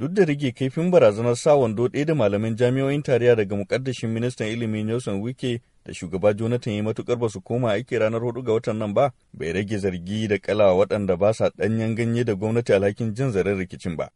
duk da rage kaifin barazanar sa wando ɗaya da malamin jami'o'in tarayya daga mukaddashin ministan ilimi Nelson Wike da shugaba Jonathan ya matukar ba su koma aiki ranar hudu ga watan nan ba bai rage zargi da kalawa waɗanda ba sa ɗanyen ganye da gwamnati alhakin jin zaren rikicin ba.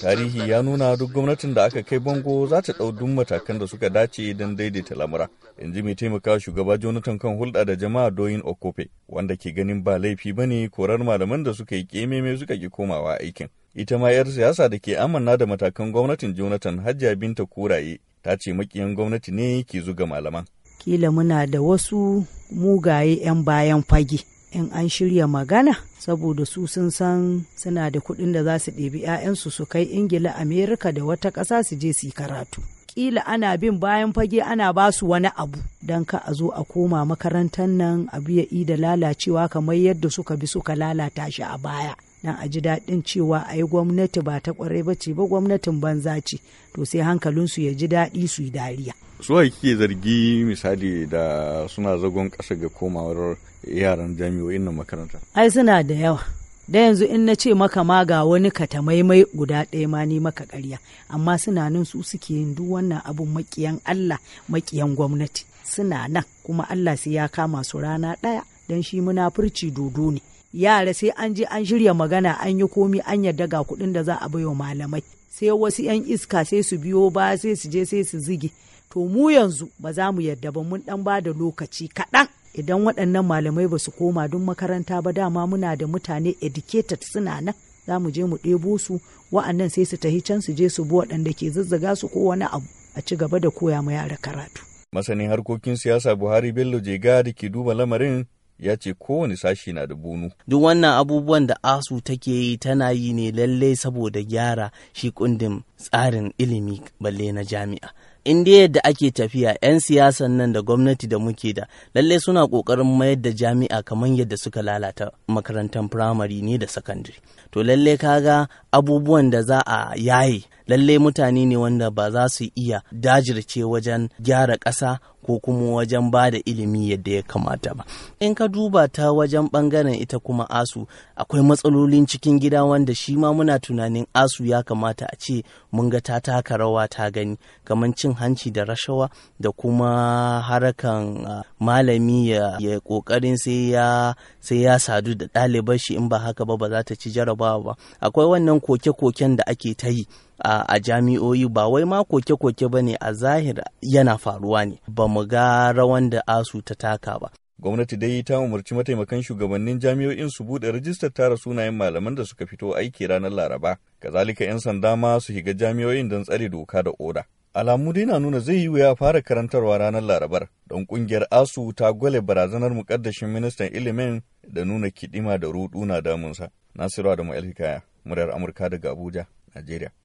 Tarihi ya nuna duk gwamnatin da aka kai bango za ta ɗau duk matakan da suka dace don daidaita lamura. In ji mai taimaka shugaba Jonathan kan hulɗa da jama'a Doyin okope wanda ke ganin ba laifi ba ne korar malaman da suka yi ƙememe suka ki komawa aikin. Ita ma 'yar siyasa da ke amanna da matakan gwamnatin Jonathan Hajiya Binta Kuraye ta ce makiyan gwamnati ne ke zuga malaman. Kila muna da wasu mugaye 'yan bayan fage. in an shirya magana saboda su sun san suna da kuɗin da za su ɗebi 'ya'yansu su kai ingila amerika da wata ƙasa su je su yi karatu Ƙila ana bin bayan fage ana ba su wani abu don ka a zo a koma makarantar nan abu ya da lalacewa kamar yadda suka bi suka lalata shi a baya nan a ji daɗin cewa ai gwamnati ba ta ƙwarai ba ce ba gwamnatin banza ce to sai hankalinsu ya ji daɗi su yi dariya suwa kike zargi misali da suna zagon ƙasa ga komawar yaran jami'o'in na makaranta ai suna da yawa da yanzu in na ce maka ma ga wani katamaimai guda ɗaya ma ni maka ƙarya amma suna nan su suke yin duk wannan abun makiyan Allah maƙiyan gwamnati suna nan kuma Allah sai ya kama su rana ɗaya don shi munafurci dodo ne yara sai an je an shirya magana an yi komi an yarda ga kuɗin da za a baiwa malamai sai wasu 'yan iska sai su biyo ba sai su je sai su zige to mu yanzu ba za mu yarda ba mun dan ba da lokaci kaɗan idan waɗannan malamai ba su koma duk makaranta ba dama muna da mutane educated suna nan za mu je mu ɗebo su wa'annan sai su tahi can su je su bi waɗanda ke zazzaga su ko wani abu a ci gaba da koya ma yara karatu. Masanin harkokin siyasa Buhari Bello Jega da ke duba lamarin ya ce kowane sashi na da bunu. Duk wannan abubuwan da ASU take yi tana yi ne lallai saboda gyara shi kundin tsarin ilimi balle na jami'a. in dai yadda ake tafiya 'yan siyasan nan da gwamnati da muke da lalle suna ƙoƙarin mayar da jami'a kamar yadda suka lalata makarantar firamare ne da sakandare to lalle kaga abubuwan da za a yaye lalle mutane ne wanda ba za su iya dajirce wajen gyara ƙasa ko kuma wajen ba da ilimi yadda ya kamata ba in ka duba ta wajen bangaren ita kuma asu akwai matsalolin cikin gida wanda shi ma muna tunanin asu ya kamata a ce mun ga ta taka rawa ta gani kamar cin hanci da rashawa da kuma harakan malami ya kokarin sai ya sai ya sadu da ɗalibai shi in ba haka ba ba za ta ci jarabawa ba akwai wannan koke-koken da ake ta yi a jami'oyi, ba wai ma koke-koke ba ne a zahir yana faruwa ne ba mu ga rawan da asu ta taka ba gwamnati dai ta umarci mataimakan shugabannin jami'o'in su buɗe rajistar tara sunayen malaman da suka fito aiki ranar laraba kazalika 'yan sanda ma su shiga jami'o'in don tsare doka da oda alamu dai na nuna zai yi wuya fara karantarwa ranar larabar don ƙungiyar asu ta gwale barazanar mukaddashin ministan ilimin da nuna kiɗima da rudu na damunsa nasiru da ma'ilhikaya muryar amurka daga abuja najeriya